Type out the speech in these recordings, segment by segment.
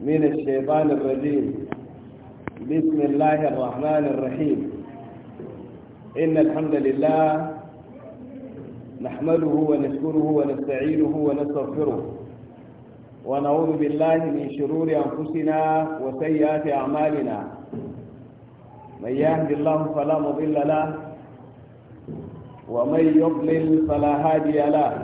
من الشيطان الرجيم بسم الله الرحمن الرحيم إن الحمد لله نحمده ونشكره ونستعينه ونستغفره ونعوذ بالله من شرور أنفسنا وسيئات أعمالنا من يهد الله فلا مضل له ومن يضلل فلا هادي له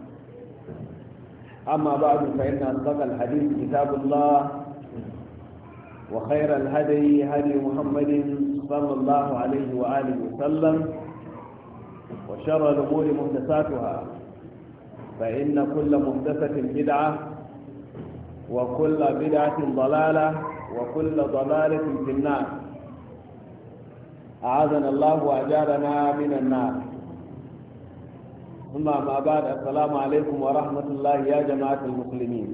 أما بعد فإن أصدق الحديث كتاب الله وخير الهدي هدي محمد صلى الله عليه وآله وسلم وشر الأمور محدثاتها فإن كل محدثة بدعة وكل بدعة ضلالة وكل ضلالة في النار أعاذنا الله وأجارنا من النار ثم ما بعد السلام عليكم ورحمة الله يا جماعة المسلمين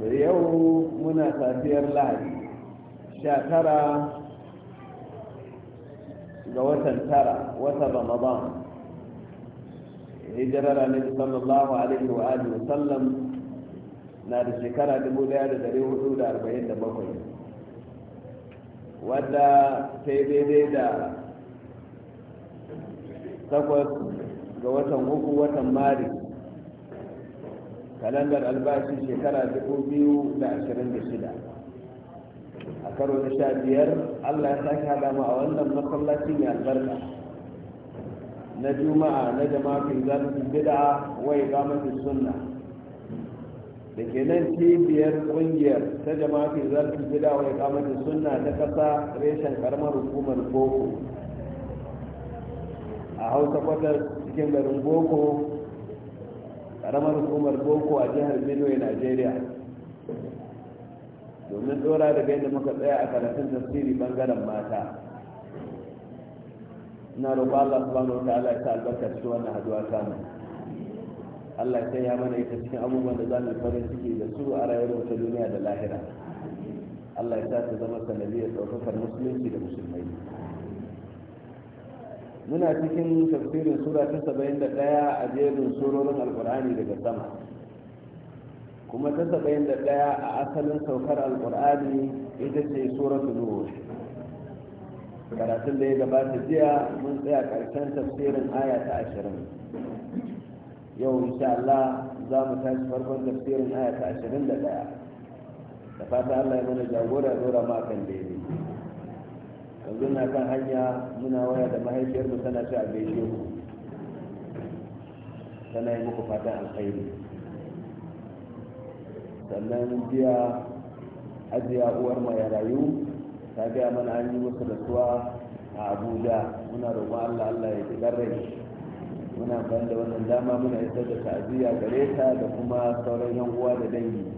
اليوم منا تأثير لهدي شاكرا وتن ترى وسب رمضان هجرة النبي صلى الله عليه وآله وسلم نار شكرا لمولا لدريه حدود أربعين دبقين wadda ta yi takwas ga watan uku watan Mari kalandar albashi shekara dubu biyu da ashirin da shida a karo na sha biyar allah ya sake hada mu a wannan masallaci mai albarka na juma'a na jama'afin zafin bid'a wai gamatin sunna da ke nan cibiyar ƙungiyar ta jama'afin zafin bid'a wai gamatin sunna ta ƙasa reshen karamar hukumar boko a hausa kwatar cikin garin boko karamar hukumar boko a jihar benue nigeria domin dora daga yadda muka tsaya a karatun tasiri bangaren mata na roƙo allah subhanahu wa ta'ala ta albarka cikin wannan haduwa samu allah ya ya mana ita cikin abubuwan da za mu farin ciki da su a rayuwar ta duniya da lahira allah ya sa ta zama sanadiyar ɗaukakar musulunci da musulmai muna cikin tafsirin sura ta saba'in da ɗaya a jerin surorin alkur'ani daga sama kuma ta saba'in da ɗaya a asalin saukar alkur'ani ita ce suratu nuhu karatun da ya gabata jiya mun tsaya karshen tafsirin aya ta ashirin yau insha Allah za mu tashi farkon tafsirin aya ta ashirin da ɗaya da fata Allah ya mana jagora ya dora ma daidai yanzu na kan hanya muna waya da mahaifiyar mu tana ci a gaishe mu tana yi muku fatan alkhairi sannan biya ajiya uwar ya rayu ta gaya mana an yi musu suwa a abuja muna roƙon allah allah ya ji rai muna amfani da wannan dama muna isar da ta'aziyya gare ta da kuma sauran yan uwa da dangi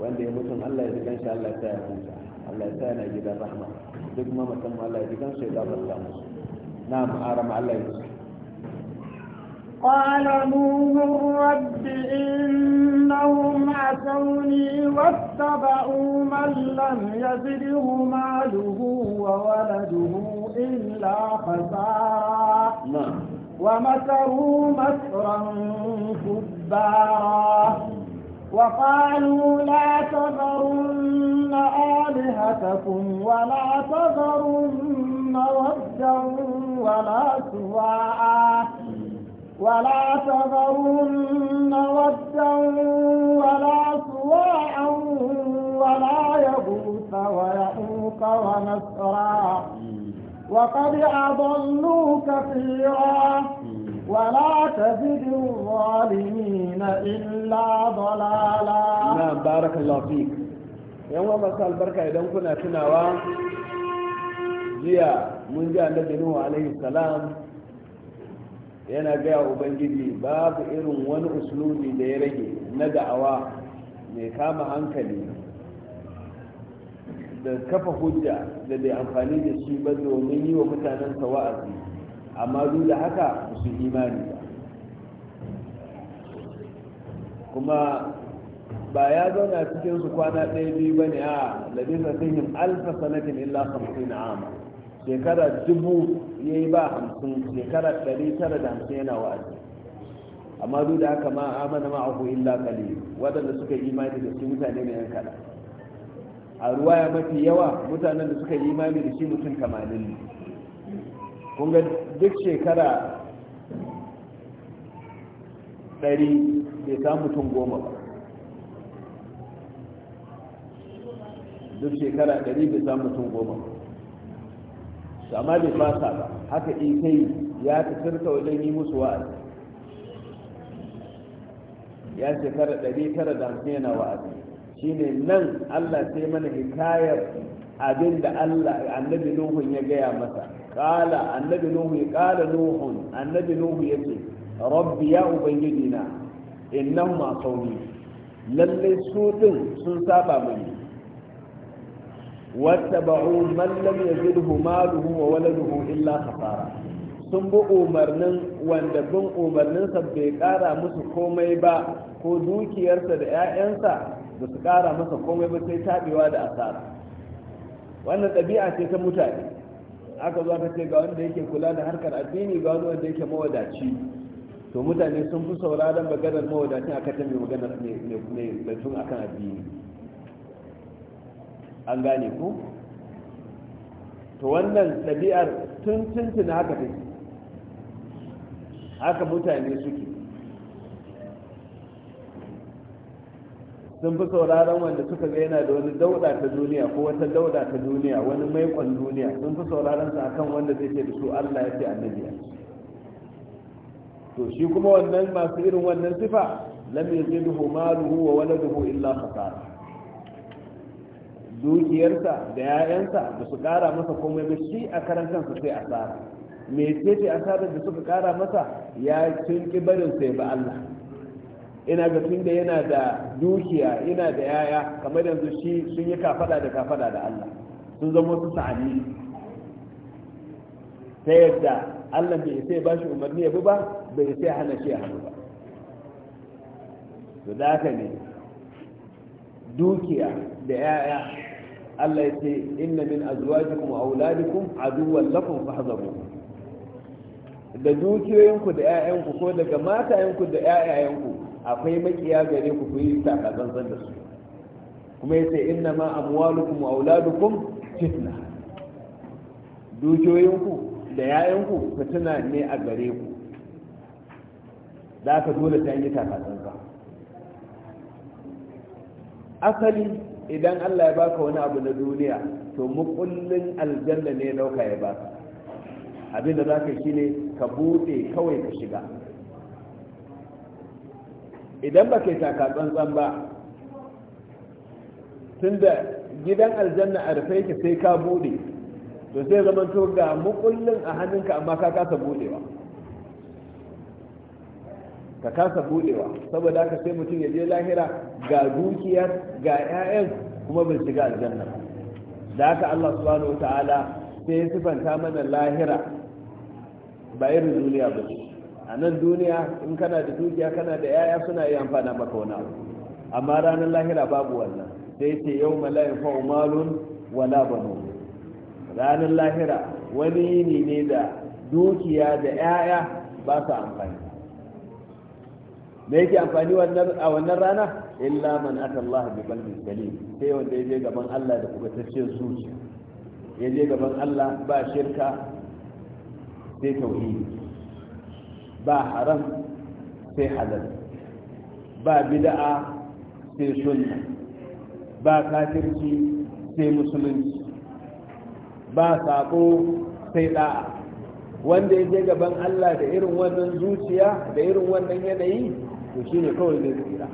wanda ya mutum allah ya ji kanshi allah ya sa ya huta allah ya sa yana gidan rahma duk mamatan Allah ya jikan sai zafar ta musu na ma'aram Allah ya قال نوح رب إنهم عسوني واتبعوا من لم يزده ماله وولده إلا خسارا نعم ومكروا مكرا كبارا وقالوا لا تذرن آلهتكم ولا تذرن ودا ولا سواعا ولا تذرن ودا ولا سواعا ولا يغوث ويعوق ونسرا وقد أضلوا كثيرا ولا تزد الظالمين إلا ضلالا نعم بارك الله فيك يوم ما سأل بركة إذا كنا كنا جيا من جاء النبي نوح عليه السلام yana جاء ubangiji babu irin wani uslubi da ندعوا نكام na da'awa da kafa hujja da bai amfani da shi ba domin yi wa mutanen wa'azi amma duk da haka su imani ba kuma ba ya zauna cikin su kwana ɗaya biyu ba ne a labisa sihim alfa sanatin illa hamsin ama shekara dubu ya yi ba hamsin shekara ɗari tara da hamsin yana wa'azi amma duk da haka ma amana abu illa kali waɗanda suka yi imani da su mutane ne yan kaɗan a ruwaya mafi yawa mutanen da suka yi imani da shi mutum kamanin ne Kunga duk shekara ɗari bai samu mutum goma ba duk shekara ɗari bai samu mutum goma ba amma bai fasa ba haka in kai ya ta sirka wajen yi musu wa'azi ya shekara ɗari tara da hamsin yana wa'azi shine nan allah sai mana hikayar abin da allah annabi nuhun ya gaya masa kala annabi nuhu ya kala nuhun annabi nuhu ya ce rabbi ya ubangiji na innan ma kauni lallai su din sun saba mani wattaba'u man lam yazidhu maluhu wa waladuhu illa khasara sun bi umarnin wanda bin umarninsa bai kara musu komai ba ko dukiyarsa da 'ya'yansa ba su kara masa komai ba sai tabewa da asara wannan ɗabi'a ce ta mutane aka zo aka ce ga wanda yake kula da harkar addini ga wani wanda yake mawadaci to mutane sun fi sauraron maganar mawadacin a katan mai maganar mai batun kan addini an gane ku to wannan ɗabi'ar tun tuntuna haka take haka mutane suke sun fi sauraron wanda suka ga yana da wani dauda ta duniya ko wata dauda ta duniya wani maikon duniya sun fi sauraron sa akan wanda zai ce da su Allah ya ce annabi to shi kuma wannan masu irin wannan sifa lam yazidhu maluhu wa waladuhu illa khasara dukiyarsa da 'ya'yansa da su kara masa komai ba shi a karantar kansa sai asara me ce asarar da suka kara masa ya cin barin sai ba Allah ina ga tun da yana da dukiya yana da yaya kamar yanzu shi sun yi kafada da kafada da Allah sun zama su sa'ani ta yadda Allah bai sai ba shi umarni ya bi ba bai sai hana shi ya hannu ba to da haka ne dukiya da yaya Allah ya ce inna min azwajikum wa auladikum aduwwan lakum fahdharuhum da dukiyoyinku da 'ya'yanku ko daga matayenku da 'ya'yayenku akwai makiya gare ku ku yi zanzan da su kuma ya ce inna ma amwalukum wa auladukum fitna Dukoyinku da yayanku fitina ne a gare ku da ka dole ta yi zanzan asali idan Allah ya baka wani abu na duniya to mukullin aljanna ne nauka ya baka abinda za ka shi ne ka buɗe kawai ka shiga idan ba yi taka tsantsan ba tunda gidan aljanna a rufe yake sai ka bude to sai zama to ga mukullin a hannunka amma ka kasa budewa ka kasa budewa saboda ka sai mutum ya je lahira ga dukiyar ga 'ya'yan kuma bin shiga aljanna da haka Allah subhanahu wa ta'ala sai ya sifanta mana lahira ba irin duniya ba ce a nan duniya in kana da dukiya kana da yaya suna yi amfana maka wani abu amma ranar lahira babu wannan sai ce yau malayin fa'u malun wala banu ranar lahira wani yini ne da dukiya da yaya ba sa amfani me yake amfani a wannan rana illa man aka Allah bi qalbin salim sai wanda ya je gaban Allah da kubataccen ya je gaban Allah ba shirka sai tauhidi ba haram sai halal ba bida'a sai sunna ba kafirci sai musulunci ba sako sai da'a wanda ya je gaban Allah da irin wannan zuciya da irin wannan yanayi to shine kawai zai tsira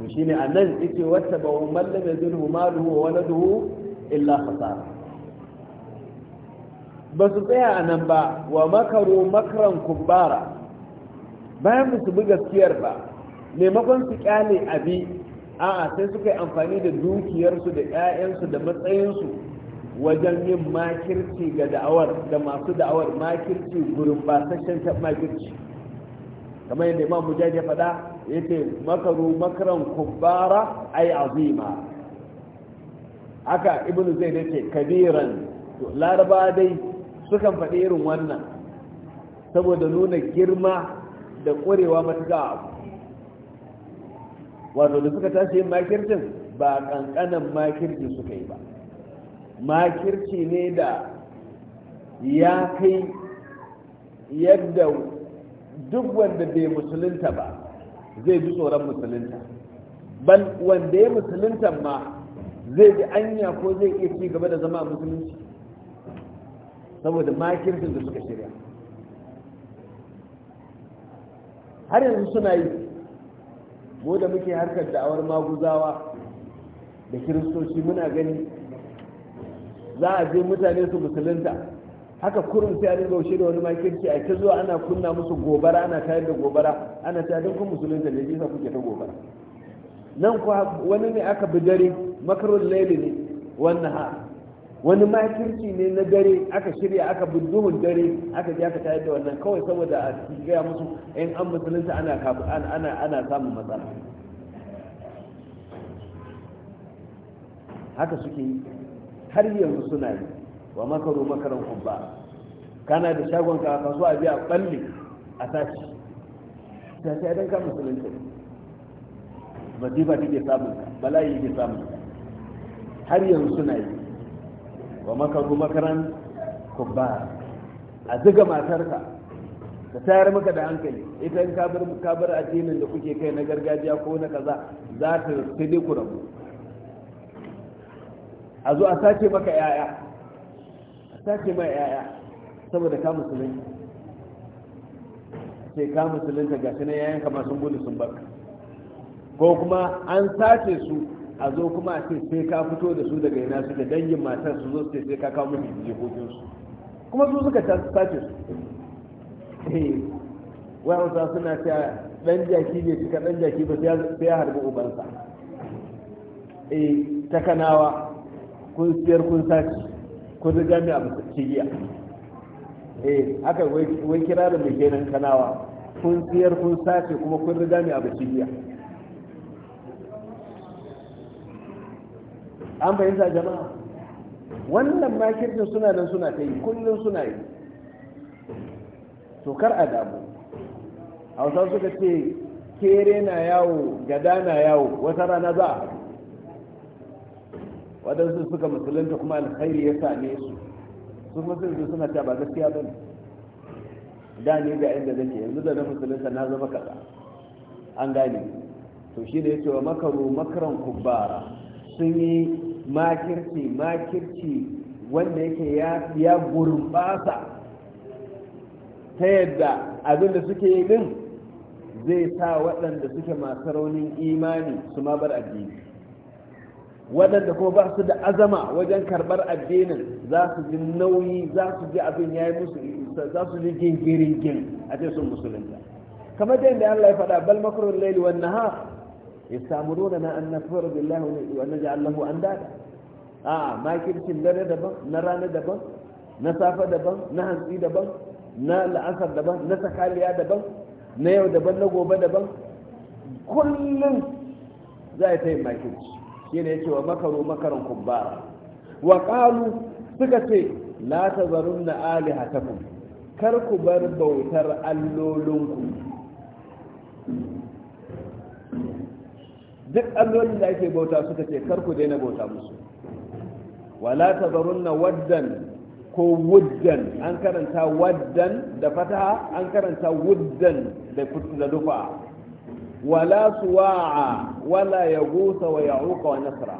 to shine anan yace wata ba wa mallaka zulhu maluhu wa wani waladuhu illa fasara. ba su tsaya a nan ba wa makaro makaran kubbara bayan ba su bi gaskiyar ba maimakon su kyale abi a'a sai suka yi amfani da dukiyarsu da 'ya'yansu da matsayinsu wajen yin makirci ga da'awar da masu da'awar makirci gurin shan makirci kamar yadda imam mujahid ya faɗa ya ce makaru makaran kubbara ai azima haka ibnu zai ce kabiran to dai sukan faɗi irin wannan saboda nuna girma da ƙwarewa matuka abu wato da suka tashi yin makircin ba ƙanƙanan makirci suka yi ba makirci ne da ya kai yadda duk wanda bai musulunta ba zai ji tsoron musulunta ban wanda ya musulunta ma zai ji anya ko zai iya ci gaba da zama musulunci saboda makirkin da suka shirya har yanzu suna yi mu da muke harkar da'awar maguzawa da kiristoci muna gani za a je mutane su musulunta haka kurin sai an gaushe da wani makirci a ke zuwa ana kunna musu gobara ana tayar da gobara ana tayar da kun musulunta da jisa kuke ta gobara nan kuwa wani ne aka bi dare makarun laili ne wannan ha wani makirci ne na dare aka shirya aka bi dare aka ji aka tayar da wannan kawai saboda a gaya musu in an musulunta ana ana samun matsala haka suke yi har yanzu suna yi wa makaro makaran kubba kana da shagon ka a biya balle a tashi ta sai dan ka musulunta masifa take samun ka yi ke samun har yanzu suna yi wa makaru makaran kubba a zuga matarka ka tayar maka da hankali ita in ka bar addinin da kuke kai na gargajiya ko na kaza za ta sai ku rabu a zo a sace maka yaya a sace mai yaya saboda ka musulunci sai ka musulunta gashi na yayanka masu gudu sun baka ko kuma an sace su a zo kuma a ce sai ka fito da su daga su suke dangin matar su zo sai ka kawo musu jikokin su kuma su suka sace su eh, wayarsa suna cewa dan jaki ne cika dan jaki ba sai ya harbi ubansa eh ta kanawa kun siyar kun sace kun riga mai abu cigiya eh haka wai kirarin mai kenan kanawa kun siyar kun sace kuma kun riga mai abu cigiya an fahimta jama'a wannan makircin suna nan suna ta yi kullum suna yi to kar a damu hausa suka ce kere na yawo gada na yawo wata rana za a haɗu waɗansu suka musulunta kuma alkhairi ya same su sun musulunta suna ta ba gaskiya ba ne da ne ga inda zake yanzu da na musulunta na zama kaza an gane to shi ne ya ce wa makaru makaran kubara sun yi makirci makirci wanda yake ya gurbasa ta yadda abin da suke yi din zai sa waɗanda suke masu raunin imani su ma bar addini waɗanda kuma ba su da azama wajen karɓar addinin za su ji nauyi za su ji abin ya yi musu za su ji gingirin a ce sun musulunta kamar da yadda Allah ya faɗa bal makarun laili wan nahar yastamuruna an nakfura billahi wa naj'al lahu andada a makircin dare daban na rana daban na safa daban na hantsi daban na la'asar daban na sakaliya daban na yau daban na gobe daban kullum za a ta yi makirci shi ne ce wa makaru makaran kubbara wa suka ce la ta zarun na alihatakum kar ku bar bautar allolinku duk allolin da ake bauta suka ce kar ku daina bauta musu wala tazarunna waddan ko wuddan an karanta waddan da fataha an karanta wuddan da dufa wala suwa'a wala yagusa wa ya'uqa wa nasra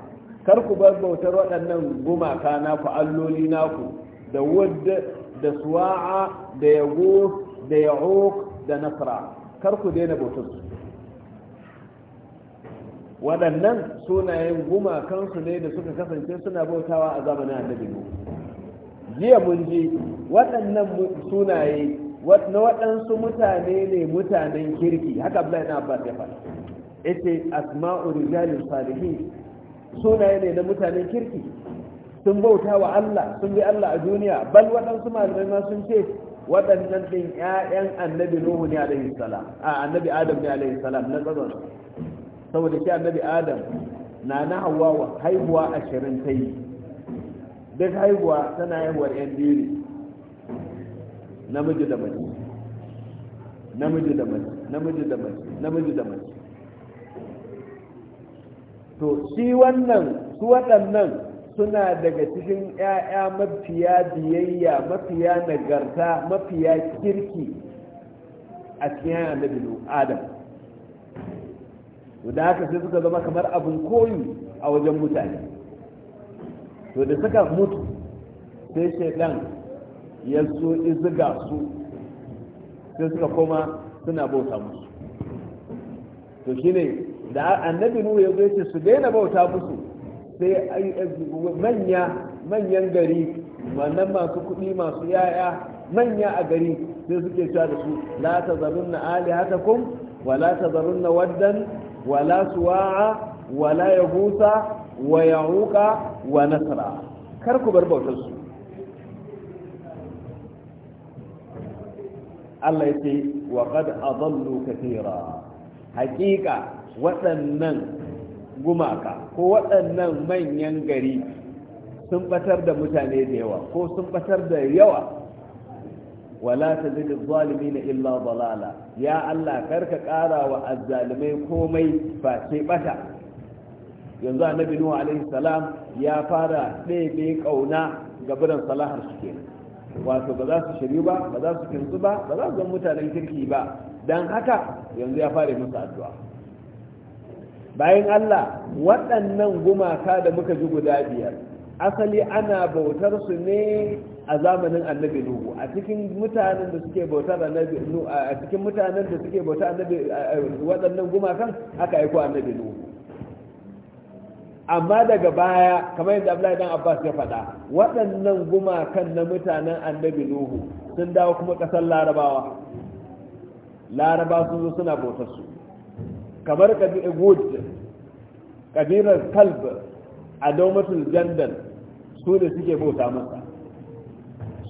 kar ku bar bautar waɗannan gumaka naku alloli naku da wudd da suwa'a da yagus da ya'uq da nasra karku ku daina bautar su waɗannan sunayen gumakansu ne da suka kasance suna bautawa a zamanin annabi jiya mun ji waɗannan sunaye na waɗansu mutane ne mutanen kirki haka Abdullahi na Abbas ya faɗa yace asma'u rijalin salihin sunaye ne na mutanen kirki sun bauta wa Allah sun bi Allah a duniya bal waɗansu malamai ma sun ce waɗannan ɗin 'ya'yan annabi Nuhu ne alaihi salam a annabi Adam ne alaihi salam na tsazon saboda shi annabi adam na na wa haihuwa ashirin ta yi duk haihuwa tana haihuwar yan biyu ne namiji da mace namiji da mace namiji da mace namiji da mace to shi wannan su waɗannan suna daga cikin 'ya'ya mafiya biyayya mafiya nagarta mafiya kirki a cikin annabi adam to da haka sai suka zama kamar abin koyi a wajen mutane to da suka mutu sai shaidan ya so iziga su sai suka koma suna bauta musu to shine da annabi nuhu ya zo ce su daina bauta musu sai manya manyan gari wannan masu kuɗi masu yaya manya a gari sai suke cewa da su la tazarunna alihatakum wa la zarunna waddan wala suwa'a wala yahusa wa ya'uqa wa nasara. kar ku bar bautar su Allah ya ce wa qad adallu haƙiƙa waɗannan gumaka ko waɗannan manyan gari sun batar da mutane da yawa ko sun batar da yawa wala tazidu zalimin illa dalala ya Allah karka ƙara wa azzalimai komai face bata yanzu annabi nuhu alaihi salam ya fara ɗebe ƙauna ga biran salahar su kenan wato ba za su shiri ba ba za su kintsu ba ba za su zama mutanen kirki ba dan haka yanzu ya fara musu addu'a bayan Allah waɗannan gumaka da muka ji guda biyar asali ana bautar su ne a zamanin annabi nuhu a cikin mutanen da suke bautar annabi nuhu a cikin mutanen da suke bautar annabi waɗannan gumakan aka aiko annabi nuhu amma daga baya kamar yadda Abdullahi dan Abbas ya faɗa waɗannan gumakan na mutanen annabi nuhu sun dawo kuma ƙasar larabawa larabawa sun zo suna bautar su kamar kabilar kalb a daumatul jandal su da suke bauta masa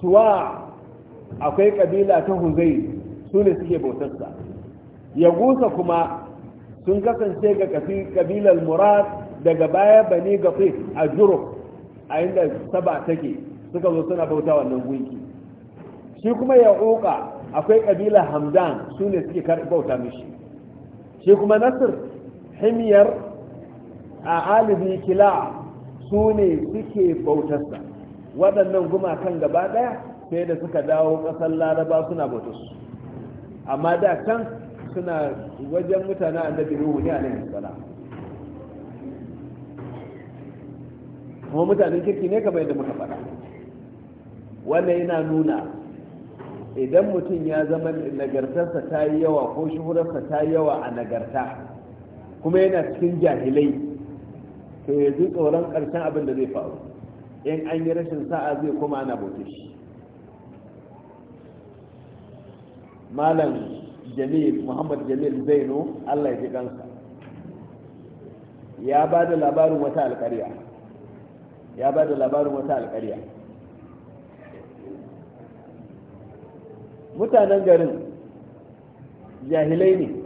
suwa akwai kabila ta huzai su ne suke bautarsa ya gusa kuma sun kasance ga kabilar murad daga baya bane gafi a juro a inda saba take suka zo suna bauta wannan gunki shi kuma ya uka akwai kabilar hamdan su ne suke bauta mishi shi kuma nasir himyar a alibi kila su ne suke bautarsa waɗannan gumakan gaba ɗaya sai da suka dawo ƙasar laraba suna bautarsu amma da can suna wajen mutane annabi ruhu ne a nan salam kuma mutanen kirki ne kamar yadda muka faɗa wannan yana nuna idan mutum ya zama nagartarsa ta yi yawa ko shuhurarsa ta yi yawa a nagarta kuma yana cikin jahilai to ya ji tsoron ƙarshen abin da zai faru in an yi rashin sa'a zai kuma ana bauta shi malam jamil muhammad jamil zaino allah ya ji kansa ya ba da labarin wata alkariya ya ba da labarin wata alkariya mutanen garin jahilai ne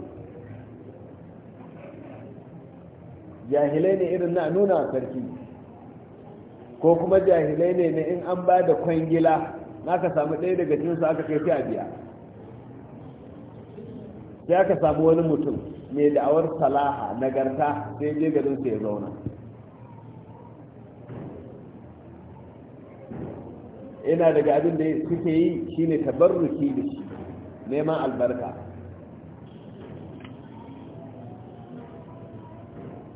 jahilai ne irin na nuna sarki ko kuma jahilai ne na in an ba da kwangila na ka samu ɗaya daga cinsu aka kai a biya sai aka samu wani mutum mai da'awar salaha nagarta sai je garin ya zauna yana daga abin da suke yi shine tabarruki da shi neman albarka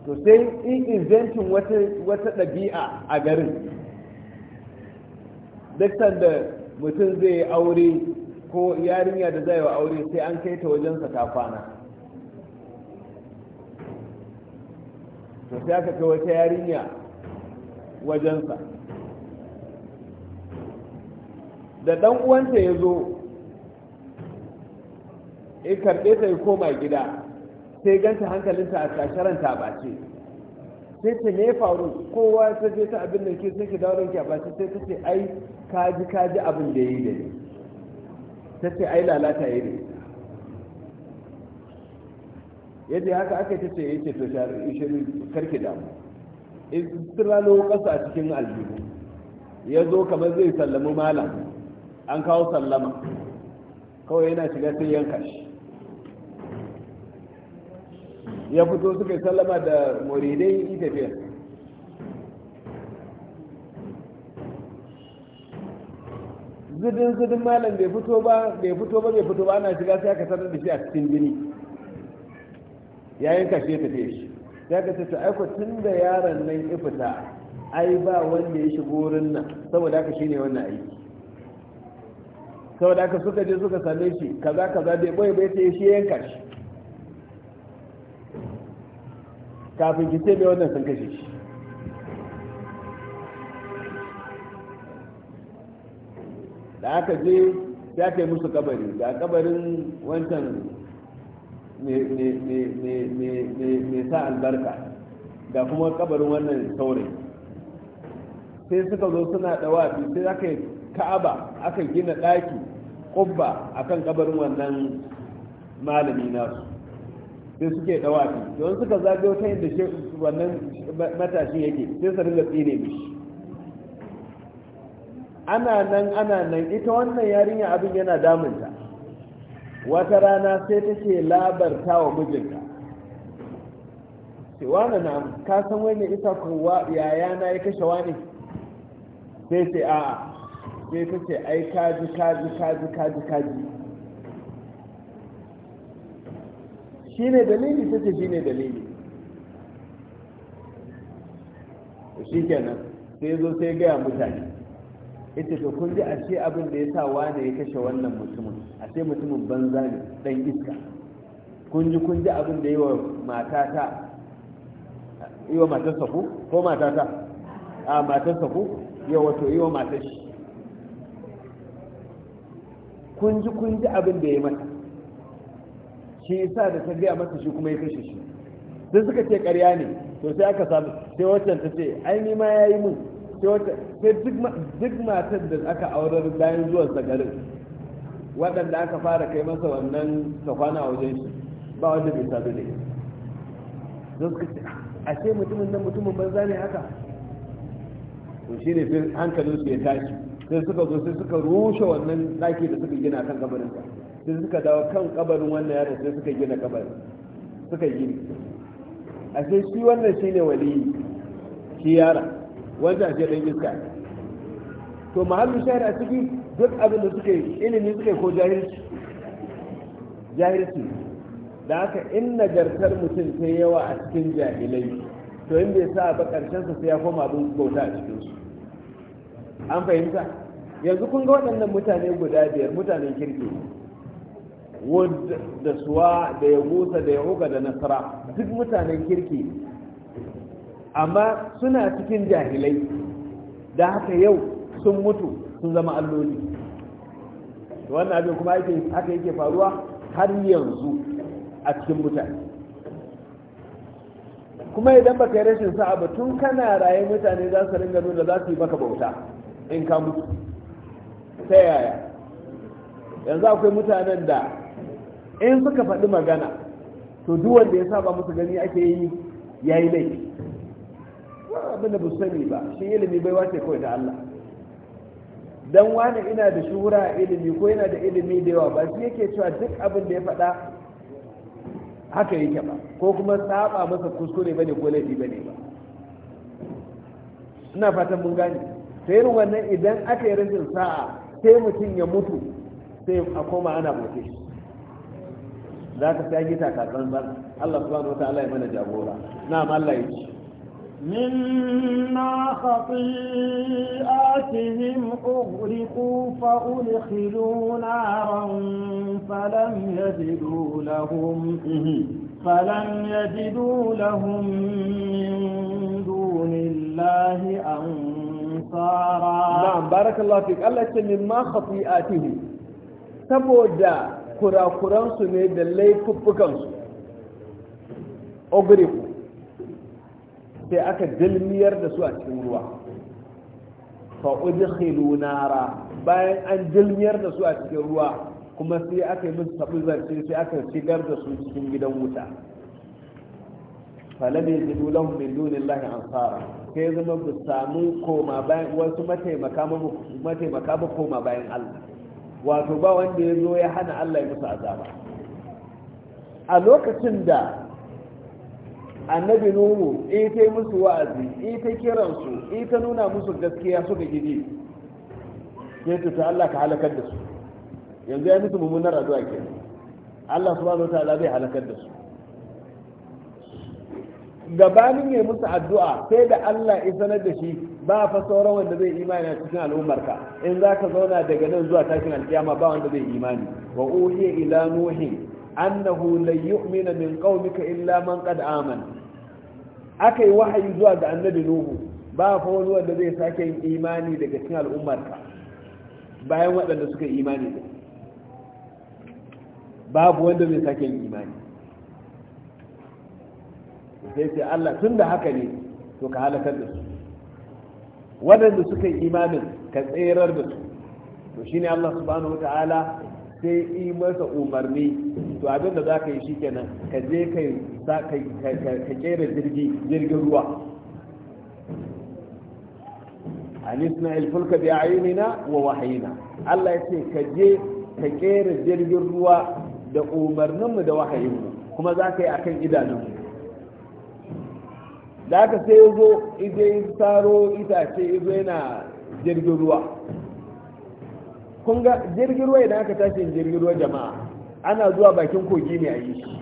to sai in inventin wata ɗabi'a a garin duk da mutum zai yi aure ko yarinya da zai wa aure sai an kai ta wajensa ta kwana to sai aka kai wata yarinya wajensa da ɗan uwanta ya zo ya karɓe ta ya koma gida sai ganta hankalinta a tasharan ta bace sai ce me faru kowa ta je ta abin da ke sai ki daura a bace sai ta ce ai kaji kaji abin da yi da ni ta ce ai lalata yi da yadda haka aka ta ce yake to shirin karki damu in istilalo kasa a cikin aljihu ya zo kamar zai sallami malam an kawo sallama kawai yana shiga sai yanka shi ya fito suka yi sallama da muridai yi tafiya zidin zidin malam bai fito ba bai fito ba bai fito ba ana shiga sai aka sanar da shi a cikin jini yayin kashe tafiya shi sai aka ce aiko tun da yaron nan ya fita ai ba wanda ya shigo wurin nan saboda haka shine wannan aiki saboda haka suka je suka same shi kaza kaza bai boye bai sai shi yanka shi kafin ki ce mai wannan sun kashe shi da aka je ya aka musu kabari da kabarin wancan mai sa albarka ga kuma kabarin wannan saurayi sai suka zo suna dawa sai aka yi ka'aba aka gina ƙubba a akan kabarin wannan malami nasu sai suke dawafi don suka zagayo wata yadda shi wannan matashi yake sai su ringa tsine mishi ana nan ana nan ita wannan yarinya abin yana damunta wata rana sai ta ke labarta wa mijinta cewa na na ka san wani isa kowa yayana ya kashe wani sai sai a'a sai ta ce ai kaji kaji kaji kaji kaji shi ne dalili ta ce shi ne dalili shi kenan sai zo sai gaya mutane ita ta kun ji ce abin da ya sa wane ya kashe wannan mutumin a sai mutumin banza ne dan iska kun ji kun ji abin da yi wa matata yi wa matarsa ku ko matata a matarsa ku yi wato yi wa matar shi kun ji kun ji abin da ya mata shi yasa da ta gaya masa shi kuma ya kashe shi sai suka ce ƙarya ne to sai aka samu sai wacce ta ce ai ni ma yayi mun sai sai duk matar da aka aurar bayan zuwan sa garin waɗanda aka fara kai masa wannan sakwana a wajen shi ba wanda bai sami da ita suka ce a ah, ce mutumin nan mutumin banza ne haka to shi ne sai hankalin su ya tashi sai suka zo sai suka rushe wannan ɗaki da suka gina kan kabarinsa sai suka dawo kan kabarin wannan yaron sai suka gina kabarin suka gini a sai shi wannan shi ne wali shi yara wanda a ɗan iska to mahallu shahar a ciki duk abin da suka yi ilimi suka yi ko jahilci jahilci da haka in nagartar mutum ta yawa a cikin jahilai to in bai sa ba ƙarshensa sai ya koma abin bauta a cikinsu an fahimta yanzu kun ga waɗannan mutane guda biyar mutanen kirki Wadda da suwa da ya gusa da ya uga da nasara duk mutanen kirki amma suna cikin jahilai da haka yau sun mutu sun zama alloli wannan abin kuma haka yake faruwa har yanzu a cikin mutane kuma idan baka yi rashin sa'a ba tun kana raye mutane za su ringa nuna za su yi maka bauta in ka mutu ta yaya yanzu akwai mutanen da in suka faɗi magana to duk wanda ya saba musu gani ake yi ya yi laifi abin da sani ba shi ilimi bai wace kawai da Allah dan wani ina da shura a ilimi ko yana da ilimi da yawa ba shi yake cewa duk abin da ya faɗa haka yake ba ko kuma saba masa kuskure bane ko laifi bane ba ina fatan mun gane ta irin wannan idan aka yi rashin sa'a sai mutum ya mutu sai a koma ana bote shi za ka sai gita ka tsantsan Allah subhanahu wataala ya mana jagora na'am Allah ya ci مما خطيئاتهم أغرقوا فأدخلوا نارا فلم يجدوا لهم فلم يجدوا لهم من دون الله أنصارا نعم بارك الله فيك الله يقول مما خطيئاتهم تبودا kurakuransu ne da laifuffukansu ogrifu sai aka dalmiyar da su a cikin ruwa fa'udkhilu nara bayan an dilmiyar da su a cikin ruwa kuma sai aka yi musu tabi zarce sai aka shigar da su cikin gidan wuta falam yajidu lahum min dunillahi ansara sai zama bu samu koma bayan wasu mataimaka ba koma bayan Allah wato ba wanda ya zo ya hana Allah ya musu azaba a lokacin da annabi nuhu ita musu wa'azi ita kiransu ita nuna musu gaskiya suka gidi Ke ta Allah ka halakar da su yanzu ya musu mummunar zuwa ke Allah su ba zo ta zai halakar da su gabanin ya musu addu'a sai da Allah isanar sanar da shi ba fa sauran wanda zai imani a cikin al'ummarka in za ka zauna daga nan zuwa tashin alkiyama ba wanda zai imani wa uhiya ila nuhi annahu la yu'mina min qaumika illa man qad aman akai wahayi zuwa ga annabi nuhu ba fa wani wanda zai sake yin imani daga cikin al'ummarka bayan waɗanda suka yi imani da babu wanda zai sake yin imani sai sai Allah tun da haka ne to ka halakar da su waɗanda suka yi imanin ka tserar da su to shine Allah subhanahu wataala sai yi masa umarni to abin da za ka yi shikenan ka je ka kera jirgi jirgin ruwa an isna ilfulka bi wa wahayina Allah ya ce ka je ka kera jirgin ruwa da umarninmu da wahayinmu kuma za ka yi akan idanunmu da aka sai zo ije yi taro itace izo yana jirgin ruwa kunga jirgin ruwa idan aka tashi jirgin ruwa jama'a ana zuwa bakin kogi ne a yi shi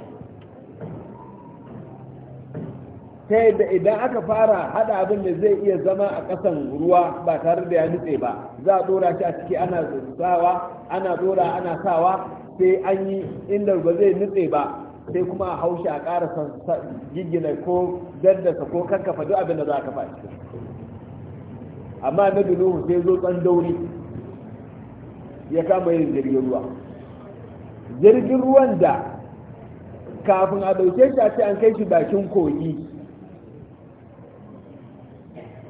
ta yadda idan aka fara hada abin da zai iya zama a kasan ruwa ba tare da ya nutse ba za a dora shi a ciki ana sawa ana dora ana sawa sai an yi inda ba zai nutse ba sai kuma a haushi a ƙara gingina ko daddasa ko kankafa duk abin da za ka faɗi amma na nuhu sai zo tsan dauri ya kama yin jirgin ruwa jirgin ruwan da kafin a ɗauke shi a ce an kai shi bakin kogi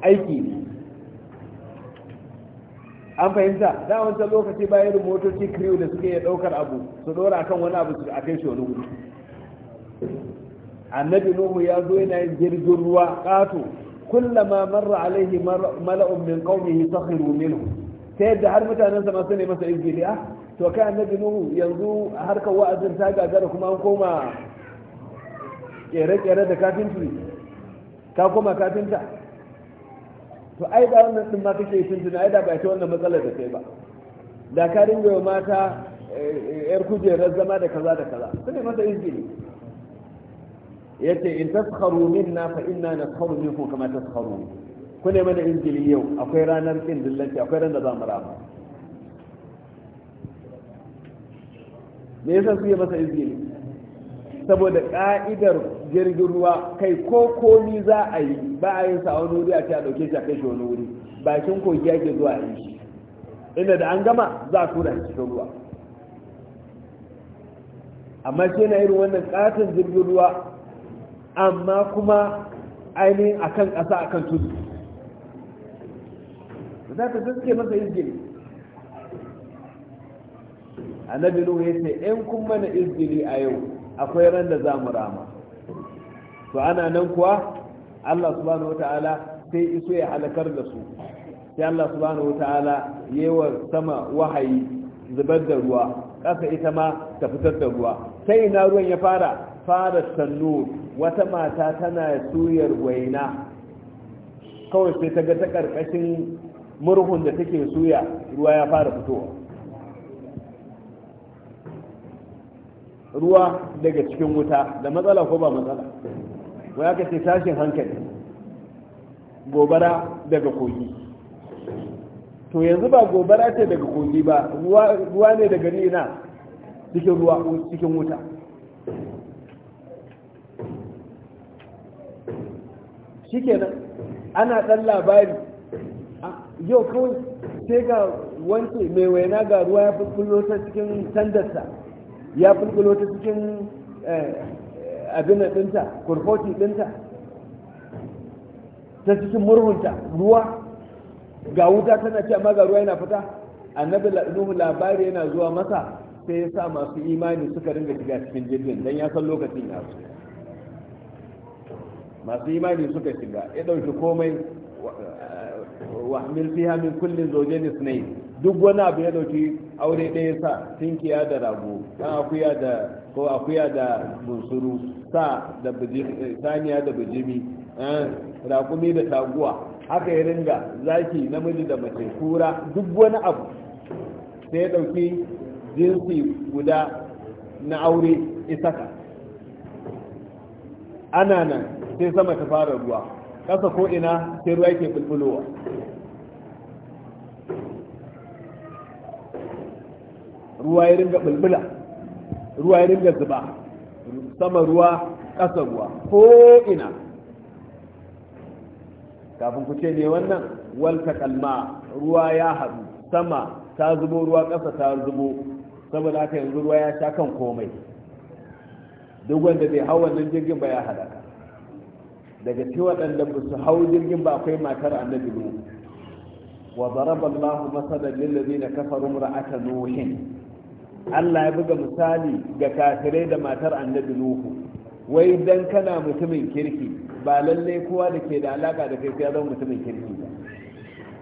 aiki ne an fahimta da wancan lokaci bayan motoci kiriyo da suke ya ɗaukar abu su ɗora kan wani abu a kai shi wani wuri annabi nuhu ya zo yana yin jirgin ruwa kato kullama marra alaihi mala'un min qaumihi sakhiru minhu ta yadda har mutanen sa ma sune masa izgili ah, to kai annabi nuhu yanzu harkar wa'azin ta gagara kuma an koma kere-kere da kafinci ka koma kafinta to ai da wannan din ma kake tuntuna ai da ba ita wannan matsalar da kai ba da ka dinga mata yar eh, eh, kujerar zama da kaza da kaza sune masa izgili yace in taskharu minna fa inna naskharu minkum kama taskharu ku ne mana injili yau akwai ranar kin dillanci akwai ran da za mu rama me yasa su yi masa injili saboda ka'idar jirgin ruwa kai ko komi za a yi ba a yin sa a wani wuri a ce a dauke shi a kai shi wani wuri bakin kogi yake zuwa a yi shi inda da an gama za a tura shi cikin ruwa amma shi na irin wannan katin jirgin ruwa amma kuma ainihin a kan ƙasa a kan tudu za ka suke masa izgili annabi nuhu ya ce in kun mana izgili a yau akwai ran da za mu rama to ana nan kuwa Allah subhanahu wata'ala sai iso ya halakar da su sai Allah subhanahu wata'ala wa sama wahayi zubar da ruwa ƙasa ita ma ta fitar da ruwa sai ina ruwan ya fara fara sannu. wata mata tana suyar waina kawai sai ta ga ta ƙarƙashin murhun da take suya ruwa ya fara fitowa ruwa daga cikin wuta da matsala ko ba matsala Waya ka ce tashin hankali gobara daga kogi to yanzu ba gobara ce daga kogi ba ruwa ne daga nina cikin ruwa cikin wuta shikenan ana ɗan labari yau kawai sai ga wance mai waina ga ruwa ya fulfulo ta cikin sandarsa ya fulfulo ta cikin eh, abin ɗinta kurfoti ɗinta ta cikin murhunta ruwa ga wuta tana ce amma ga ruwa yana fita annabi nuhu labari yana zuwa masa sai ya sa masu imani suka ringa shiga cikin jirgin don ya san lokacin ya su masu imani suka shiga ya ɗauki komai wa fiha min kullin zawjayn ithnayn duk wani abu ya dauki aure ɗaya sa tinkiya da rago dan akuya da ko akuya da bunsuru sa da saniya da bijimi eh, rakumi da taguwa haka ya ringa zaki namiji da mace kura duk wani abu sai ya dauki jinsi guda na aure isaka ana nan sai sama ta fara ruwa ƙasa ko ina sai ruwa yake bulbulowa ruwa ya ringa bulbula ruwa ya ringa zuba sama ruwa ƙasa ruwa ko ina kafin ku ce ne wannan walta kalma ruwa ya haɗu sama ta zubo ruwa ƙasa ta zubo saboda haka yanzu ruwa ya sha kan komai duk wanda bai hau wannan jirgin ba ya halaka daga ci waɗanda ba su hau jirgin ba akwai matar annabi nuhu wa zaraba Allahu masalan lil ladina kafaru ra'ata nuhin Allah ya buga misali ga kafirai da matar annabi nuhu wai dan kana mutumin kirki ba lalle kowa da ke da alaka da kai ya zama mutumin kirki ba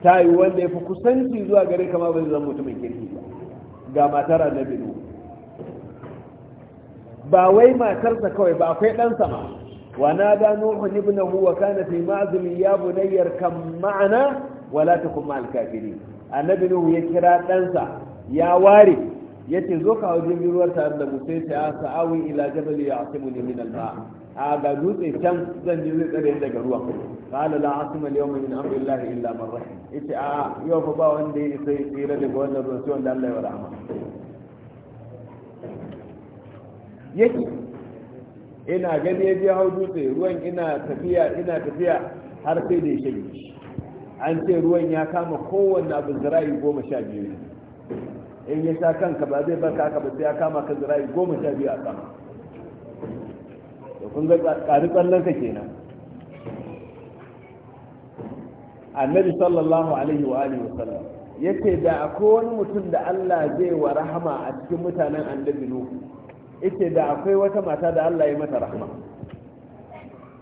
ta yi wanda ya fi kusanci zuwa gare kama ba zai zama mutumin kirki ba ga matar annabi nuhu ba wai matarsa kawai ba akwai dan sama ونادى نوح ابنه وكان في معزل يا بني اركب معنا ولا تكن مع الكافرين annabi nuhu ya kira ɗansa ya ware ya ce zo ka wajen ruwar tare da mu sai ta sa'awi ila jabal ya asimu ne min alma a ga dutse can zan ji zai tsare daga ruwa. qala la asima al yawma min illa man rahim yace a yau fa ba wanda ya sai tsira da wannan ruwan sai wanda Allah ya rahama yake ina gani ya je hau dutse ruwan ina tafiya ina tafiya har sai da ya an ce ruwan ya kama kowanne abu zira'i goma sha biyu in ya sha kanka ba zai barka haka ba sai ya kama ka zira'i goma sha biyu a sama da kun ga ƙari tsallonka kenan annabi sallallahu alaihi wa alihi wa sallam yace da akwai wani mutum da Allah zai wa rahama a cikin mutanen annabi Nuhu ita da akwai wata mata da Allah ya mata rahma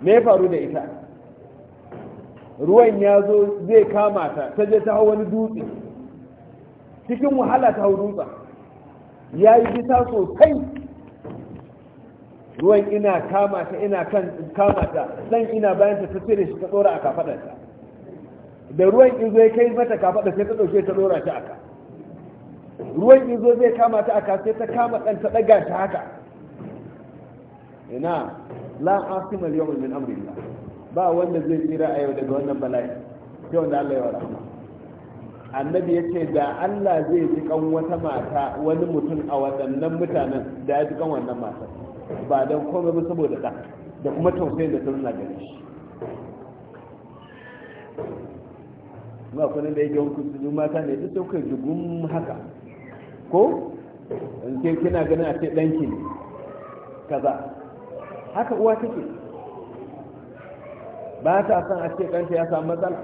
me ya faru da ita ruwan ya zo zai kama ta ta je ta hau wani dutse cikin wahala ta hau dutsen ya yi bisa sosai ruwan ina kama ta ina kan kama ta dan ina bayan ta cire shi ta tsora a kafadarta da ruwan izo ya kai mata kafada sai ta ɗauke ta dora ta aka ruwan izo zai kama ta a sai ta kama ɗan ta ɗaga ta haka ina la asim al yawm min amri ba wanda zai tsira a yau daga wannan bala'i sai wanda Allah ya rahama annabi ya ce da Allah zai ji kan wata mata wani mutum a waɗannan mutanen da ya ji kan wannan mata ba don komai ba saboda ɗan da kuma tausayin da sun gare shi ma kuma da yake wani kusurdu mata ne duk sai kai haka ko in ke kina ganin a ce ɗanki ne kaza haka uwa take ba ta san a ce ɗanki ya samu matsala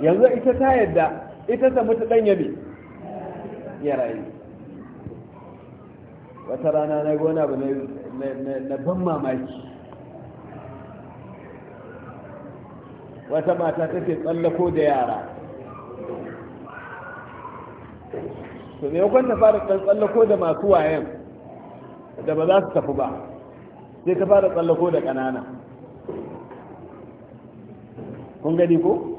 yanzu ita ta yadda ita ta mutu ɗanya ne ya rayu wata rana na gona ba na ban mamaki wata mata ta ce tsallako da yara to maimakon ta fara ɗan tsallako da masu wayan da ba za su tafi ba sai ta fara tsallako da ƙanana kun gani ko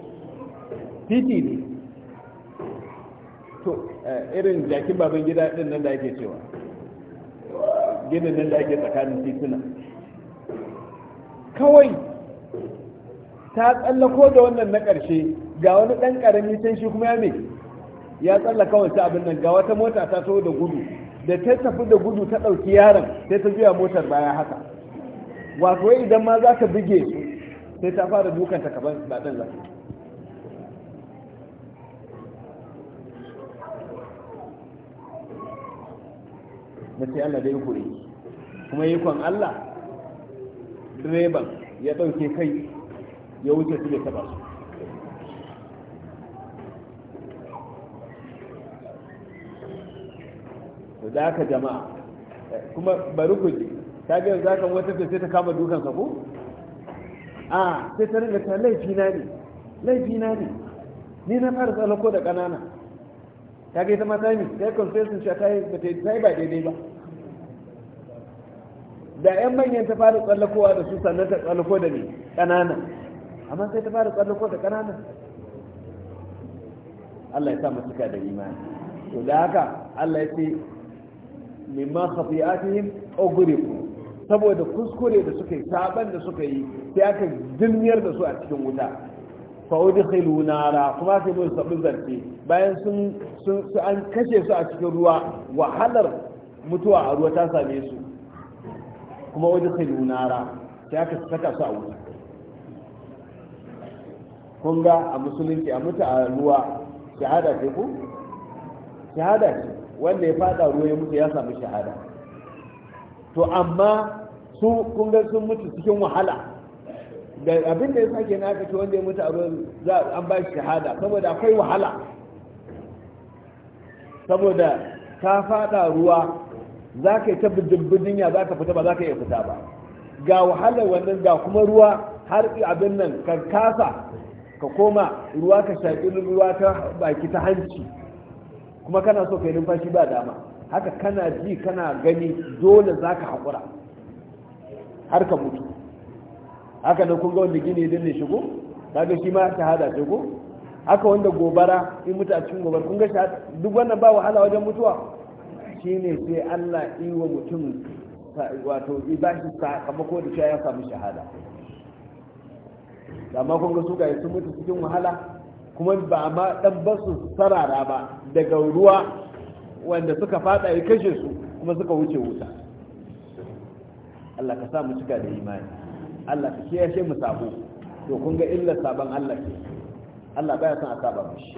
titi ne to eh, irin jakin baban gida ɗin nan da ake cewa ginin nan da ake tsakanin tituna kawai ta tsallako da wannan na ƙarshe ga wani ɗan ƙarami can shi kuma ya mai ya tsallaka wancan abin nan ga wata mota ta taho da gudu da ta tafi da gudu ta ɗauki yaron sai ta juya motar baya haka wato idan ma za ta buge su sai ta fara dukan ta kaban ba ɗan zafi na ce Allah dai kuri kuma ikon Allah direban ya ɗauke kai ya wuce su da taɓa su to da aka jama'a kuma bari ku ji ta ga yanzu aka wata sai ta kama dukan sa ko a sai ta rinka ta laifi na ne laifi na ne ni na fara ko da ƙanana ta ga ita ma ta yi ta yi confession shi ta yi ba daidai ba da 'yan manyan ta fara tsallakowa da su sannan ta tsallako da ne ƙanana amma sai ta fara tsallako da ƙanana Allah ya sa mu cika da imani to da haka Allah ya ce mimma khafi'atihim ku saboda kuskure da suka yi saban da suka yi sai aka dilmiyar da su a cikin wuta fa udkhilu nara kuma sai mun sabu zarce bayan sun sun an kashe su a cikin ruwa wahalar mutuwa a ruwa ta same su kuma udkhilu nara sai aka saka su a wuta kun ga a musulunci a mutu a ruwa shahada ce ku shahada ce wanda ya fada ruwa ya mutu ya samu shahada to amma su kun ga sun mutu cikin wahala da abin da ya sake na aka ce wanda ya mutu a ruwa za an ba shi shahada saboda akwai wahala saboda ka fada ruwa za ka yi ta bidibbidin ya za ka fita ba za ka iya fita ba ga wahalar wannan ga kuma ruwa har abin nan ka kasa ka koma ruwa ka shaƙi ruwa ta baki ta hanci kuma kana so kai numfashi ba dama haka kana ji kana gani dole za ka haƙura har ka mutu haka na kunga wanda gini idan ne shigo kaga shi ma shahada ce ko haka wanda gobara in mutu a cikin gobara kunga shahada duk wannan ba wahala wajen mutuwa shine sai Allah iwa mutum wato i ba shi sakamako da shi ya samu shahada amma kunga su ga sun mutu cikin wahala kuma ba ma dan basu sarara ba daga ruwa wanda suka fada ya kashe su kuma suka wuce wuta Allah ka sa mu cika da imani Allah ka kiyaye shi mu sabo to kun ga illar sabon Allah ke Allah baya son a saba mishi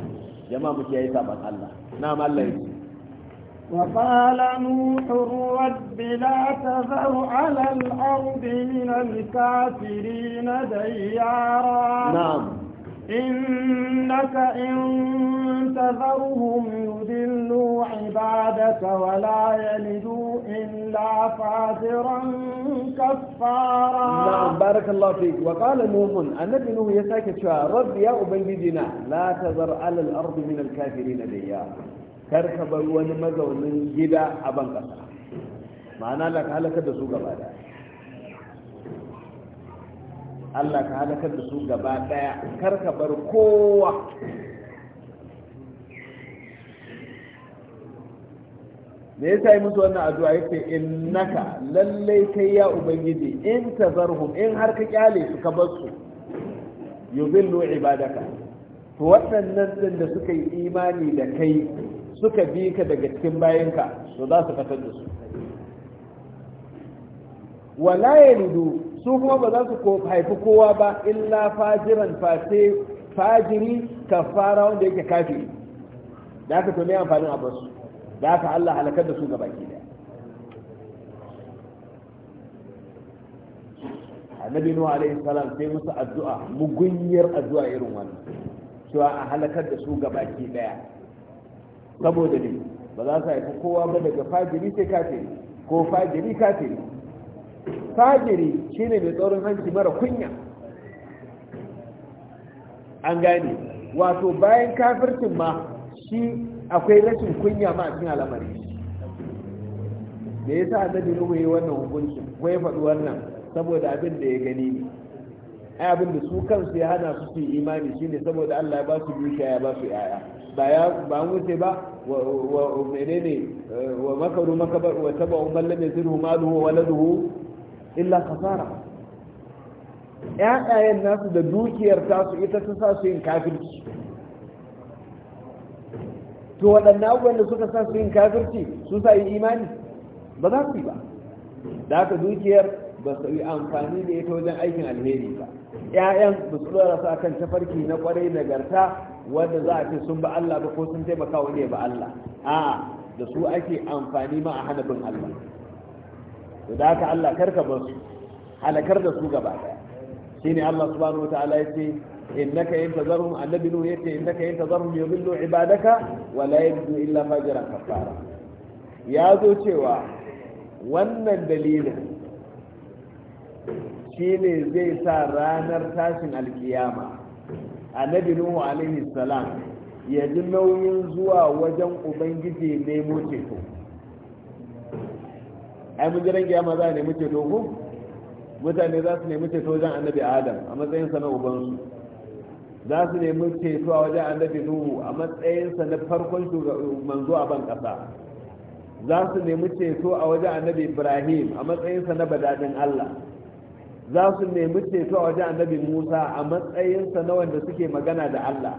jama'a mu kiyaye sabon Allah na'am Allah yake وقال نوح رب لا تذر على الأرض من الكافرين ديارا نعم إنك إن تذرهم يذلوا عبادك ولا يلدوا إلا فاجرا كفارا نعم بارك الله فيك وقال نوح النبي نوح يساك شوى رب يا أبنجدنا لا تذر على الأرض من الكافرين ديارا كركب ونمزو من جدا أبنك معنا لك هلك دسوق بعدها Allah ka halakar da su gaba ɗaya kar ka bar kowa da ya yi musu wannan addu'a ya ce innaka lallai kai ya ubangiji in tazarhum in har ka kyale su ka bar su yuzillu ibadaka to waɗannan din da suka yi imani da kai suka bi ka daga cikin bayanka to za su fatar da su wala yalidu su kuma ba za su haifi kowa ba illa fajiran fase fajiri kafara wanda yake kafiri da aka tome amfanin a basu da aka Allah halakar da su ga baki da annabi nuhu alaihi salam sai musu addu'a mugunyar addu'a irin wannan cewa a halakar da su ga baki daya saboda ne ba za su haifi kowa ba daga fajiri sai kafiri ko fajiri kafiri fajiri shine mai tsoron hanci mara kunya an gane wato bayan kafircin ma shi akwai rashin kunya ma a cikin al'amari da yasa annabi nuhu yi wannan hukunci ko ya faɗi wannan saboda abin da ya gani ne ai abin da su kansu ya hana su su imani. imani shine saboda Allah ya ba su dukiya ya ba su yaya ba ya ba wuce ba wa menene wa makaru makabar wa tabu man lam maluhu waladuhu illa khasara ƴaƴayen nasu da dukiyar tasu ita ta sa su yin kafirci to waɗannan abubuwan da suka sa su yin kafirci su sa yi imani ba za su yi ba da haka dukiyar ba su yi amfani da ita wajen aikin alheri ba ƴaƴan ba su ɗora su akan tafarki na ƙwarai nagarta wanda za a ce sun ba Allah ba ko sun taimaka wani ya ba Allah a da su ake amfani ma a hana bin Allah to da haka Allah karka bar su halakar da su gaba daya ne Allah subhanahu wataala yace innaka in tazarhum annabi nuhu yace innaka in tazarhum yudillu ibadaka wa la yabdu illa fajran kafara ya zo cewa wannan dalilin shine zai sa ranar tashin alkiyama annabi nuhu alaihi salam ya ji nauyin zuwa wajen ubangiji nemo ceto ai mun jiran kiyama za a nemi ceto ku mutane za su nemi ceto wajen annabi adam a matsayin sa na ubansu za su nemi ceto a wajen annabi nuhu a matsayin sa na farkon manzo a ban kasa za su nemi ceto a wajen annabi ibrahim a matsayin sa na badadin allah za su nemi ceto a wajen annabi musa a matsayin sa na wanda suke magana da allah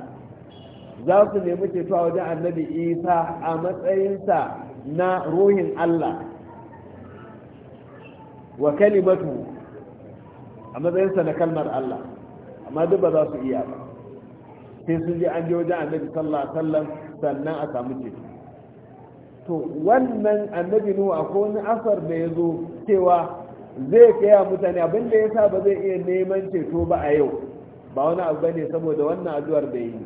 za su nemi ceto a wajen annabi isa a matsayinsa na ruhin allah wa kalimatu a matsayinsa na kalmar Allah amma duk ba za su iya ba sai sun ji an je wajen annabi sallallahu alaihi wasallam sannan a samu ce to wannan annabi nuhu a wani asar da ya zo cewa zai kaya mutane abinda da ya sa ba zai iya neman ceto ba a yau ba wani abu bane saboda wannan addu'ar da yi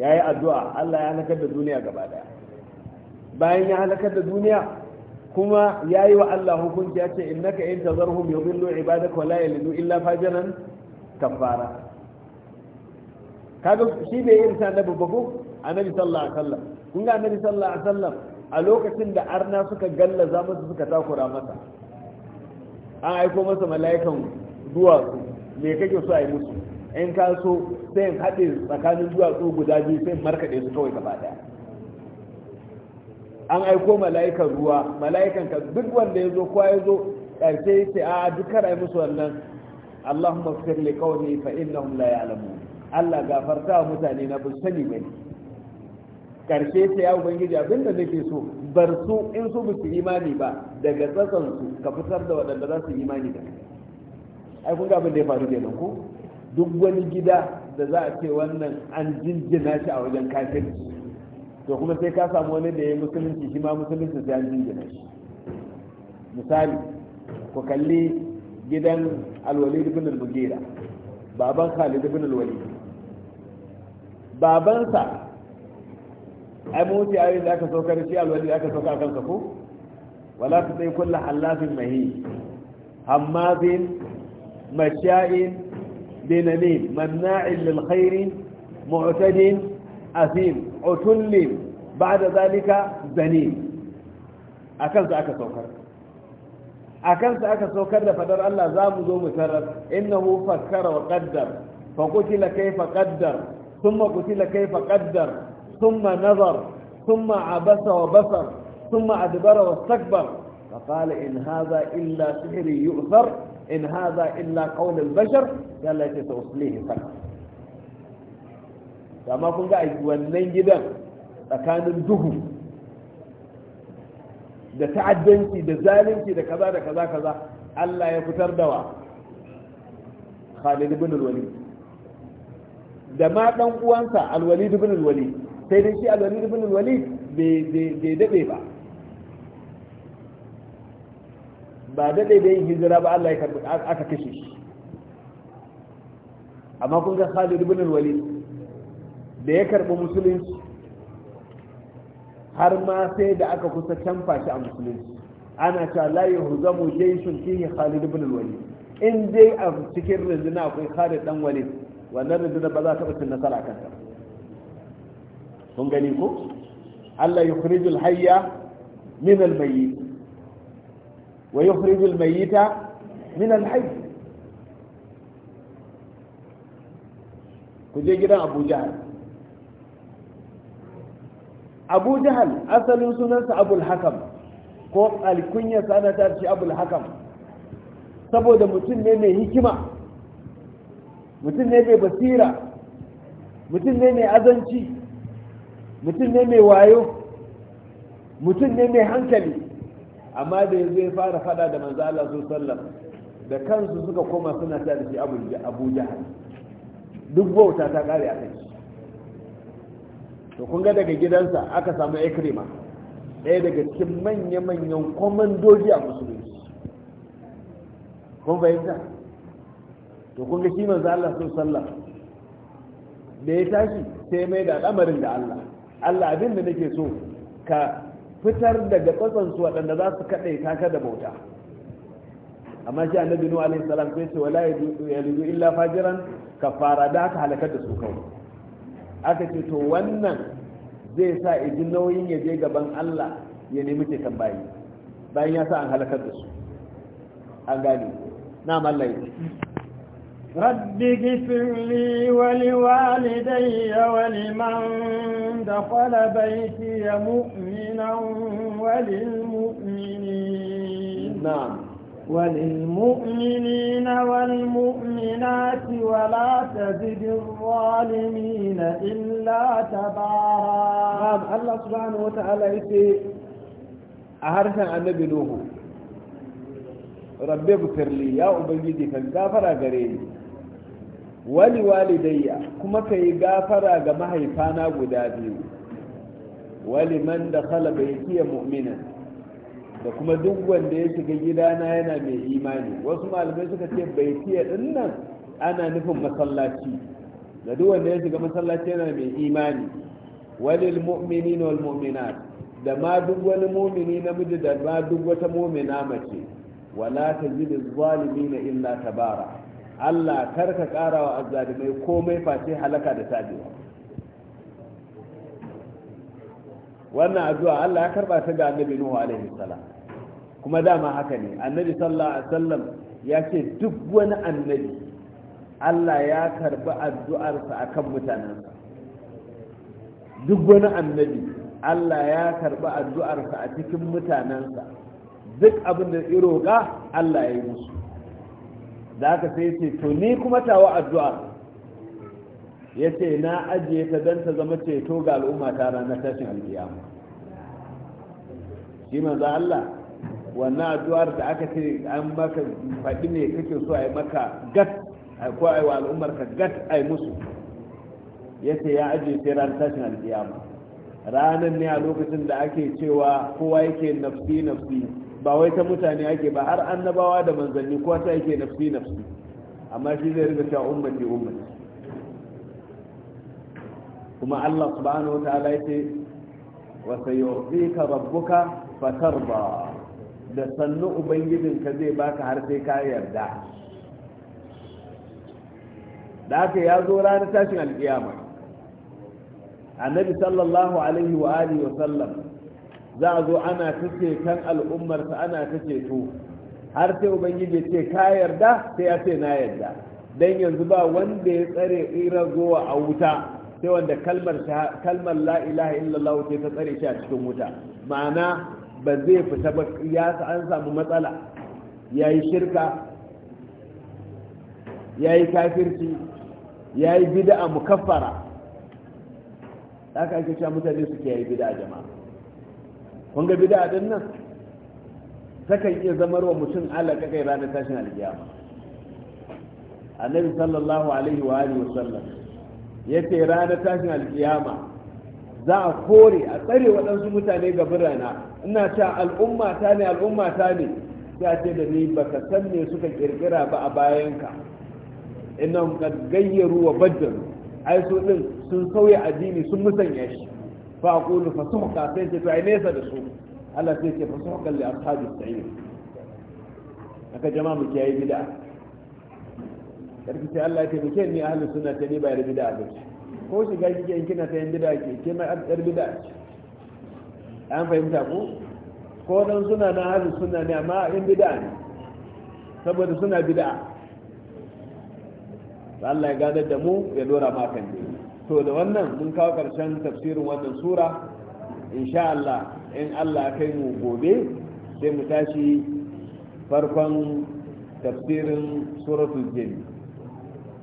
ya yi addu'a Allah ya halakar da duniya gaba daya bayan ya halakar da duniya kuma ya yi wa Allah hukunci ya ce innaka in tazarhum yudillu ibadak wa la yalidu illa fajiran kafara kaga shi bai irin sa babu ba ko annabi sallallahu alaihi wasallam kun ga annabi sallallahu alaihi wasallam a lokacin da arna suka gallaza masa suka takura masa an aiko masa mala'ikan duwatsu me kake so a yi musu in ka so sai in haɗe tsakanin duwatsu guda biyu sai in markaɗe su kawai gaba ɗaya an aiko mala'ikan ruwa mala'ikan ka duk wanda ya zo ko ya zo ƙarshe ya a dukkan ai musu wannan Allahumma fir li qawmi fa innahum la ya'lamun Allah gafarta wa mutane na bu sani bane ƙarshe ta ya ubangiji abinda nake so bar su in su bu su imani ba daga tsatsan su ka fitar da waɗanda za su imani da ai kun ga abin da ya faru kenan ko duk wani gida da za a ce wannan an jinjina shi a wajen kafirci to kuma sai ka samu wani da ya musulunci shi ma musulunci sai an jingina shi misali ku kalli gidan alwali ibn al-mugira baban khalid ibn al-walid babansa ai mutu ayoyin da aka sauka da shi alwalid aka sauka akan sa ko wala ta sai kullu halafin mahi hammazin masha'in binamin manna'in lil khair mu'tadin azim utullin ba'da zalika zanim akan sa aka saukar akan sa aka saukar da fadar Allah za mu zo mu tarar innahu fakkara wa qaddar fa qutila kayfa qaddar thumma qutila kayfa qaddar thumma nazar thumma abasa wa basar thumma adbara wa istakbar fa qala in hadha illa sihr yu'thar in hadha illa qawl bashar qala ta amma kun ga wannan gidan tsakanin duhu da ta'addanci da zalunci da kaza da kaza kaza Allah ya fitar da wa Khalid ibn al-Walid da ma dan uwansa al-Walid ibn al-Walid sai dai shi al-Walid ibn al-Walid bai dade ba ba dade da yin hijira ba Allah ya karbi aka kashe shi amma kun ga Khalid ibn al-Walid da ya karɓi musulunci har ma sai da aka kusa canfa shi a musulunci ana cewa la yuhzamu jayshun fihi Khalid ibn al-Walid in dai a cikin rundunar akwai Khalid dan Walid wannan rundunar ba za ta cin nasara akan ta kun gani ko Allah yukhrijul hayya min al-mayyit wa yukhrijul mayyita min al-hayy ku je gidan Abu Jahl abu jahal asalin sunansa abul hakam ko alkunyarsa ana ta ce abul hakam saboda mutum ne mai hikima mutum ne mai basira mutum ne mai azanci mutum ne mai wayo mutum ne mai hankali amma da yanzu ya fara fada da manzo Allah sallam da kansu suka koma suna ta da shi abu jahal duk bauta ta kare a kai to kun ga daga gidansa aka samu ikrima ɗaya daga cikin manya-manyan komandoji a musulunci kun fahimta to kun ga shi manzo Allah sun sallah da ya tashi sai mai da al'amarin da Allah Allah abin da nake so ka fitar daga tsatsansu waɗanda za su kaɗai taka da bauta amma shi annabi nuhu alaihi salam sai ce wala illa fajiran kafara da daka halakar da su kawai aka ce to wannan zai sa iji nauyin ya je gaban Allah ya nemi cikin bayi bayan ya sa an halakar da su an gani na mallaye rabbi gifirli wali walidai ya wali man da kwala baiti ya mu'minan walin mu'mini na وللمؤمنين والمؤمنات ولا تزد الظالمين إلا تبارا الله سبحانه وتعالى يقول أهرسا النبي نوح rabbe bukarli ya ubangiji kan gafara gare ni wali walidayya kuma ka yi gafara ga mahaifana guda biyu wali man da bai kiya mu'minan da kuma duk wanda ya shiga gidana yana mai imani wasu malamai suka ce bai tiya din nan ana nufin masallaci da duk wanda ya shiga masallaci yana mai imani walil mu'minina na mu'minat da ma duk wani mu'mini namiji da ma duk wata mu'mina mace wala tajidu na illa tabara Allah kar ka karka wa azzalimai komai face halaka da tabewa wannan addu'a Allah ya karba ta ga annabi Nuhu alaihi salam kuma dama haka ne annabi sallallahu alaihi wasallam ya ce duk wani annabi Allah ya karba addu'arsa akan mutanansa. duk wani annabi Allah ya karba addu'arsa a cikin mutanansa. duk abin da ya Allah ya yi musu da haka sai ce to ni kuma tawa addu'a ya ce na ajiye ta don ta zama ceto ga al'umma ta ranar tashin alkiyama shi manzo Allah wannan addu'ar da aka ce an maka faɗi ne kake so a yi maka gat ko a wa al'ummar ka gat ai yi musu ya ce ya ajiye ta ranar tashin alkiyama ranar ne a lokacin da ake cewa kowa yake nafsi nafsi ba wai ta mutane ake ba har annabawa da manzanni kowa ta yake nafsi nafsi amma shi zai riga ta ummati ummati kuma Allah subhanahu wa ta'ala yace wa sayu'tika rabbuka fatarda da sannu ka zai baka har sai ka yarda da ya zo ranar tashin alkiyama annabi sallallahu alaihi wa alihi wa sallam za a zo ana ta ceton al'ummarsa ana ta ceto har sai ubangiji ce ka yarda sai ya ce na yarda dan yanzu ba wanda ya tsare tsira gowa a wuta sai wanda kalmar la ilaha illallah ce ta tsare shi a cikin wuta ma'ana ba zai fita ba ya an samu matsala Ya yi shirka ya yi kafirci yi bid'a mukaffara ka ake cewa mutane suke yi bid'a jama'a kun ga bid'a din nan takan iya zamar wa mutum alaka kai ranar tashin alkiyama annabi sallallahu alaihi wa alihi wa sallam yace ranar tashin alkiyama za a kore a tsare waɗansu mutane ga birana ina ta al'umma ta ne al'umma ta ne a ce da ni ba ka san me suka kirkira ba a bayanka ina ka gayyaru wa baddalu ai su din sun sauya addini sun musanya shi fa aqulu fasuhqa sai ce to ai nesa da su Allah sai ce fasuhqa li ashabi sa'id aka jama'a mu kiyaye bid'a karki ce Allah ya taimake ni ahli sunna ta ne ba da bid'a ba ko shiga kike in kina sayan bid'a ke ke mai abdar bid'a an fahimta ko ko dan suna na ahli sunna ne amma in bid'a ne saboda suna bid'a Allah ya gadar da mu ya dora makan ne to da wannan mun kawo karshen tafsirin wannan sura insha Allah in Allah ya kai mu gobe sai mu tashi farkon tafsirin suratul jinn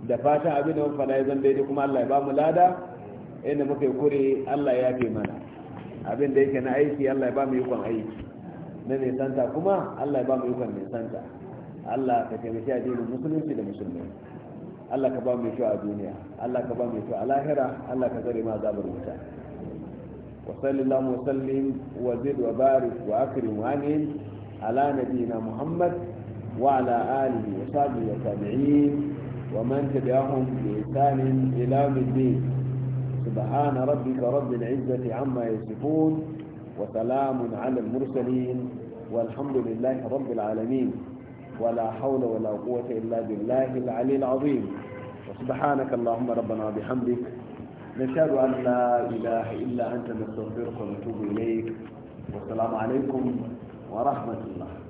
da fatan abin da mun fada ya zan daidai kuma Allah ya ba mu lada inda muka yi kure Allah ya fi mana abin da yake na aiki Allah ya ba mu yukon aiki na nisanta kuma Allah ya ba mu yukon nisanta Allah ka taimaki jirin musulunci da musulmai Allah ka ba mu kyau a duniya Allah ka ba mu kyau a lahira Allah ka zare ma zabar wuta wa sallallahu wa sallim wa zid wa barik wa akrim wa ala nabiyina muhammad wa ala alihi wa sahbihi wa tabi'in ومن تبعهم بإحسان إلى الدين سبحان ربك رب العزة عما يصفون وسلام على المرسلين والحمد لله رب العالمين ولا حول ولا قوة إلا بالله العلي العظيم وسبحانك اللهم ربنا وبحمدك نشهد أن لا إله إلا أنت نستغفرك ونتوب إليك والسلام عليكم ورحمة الله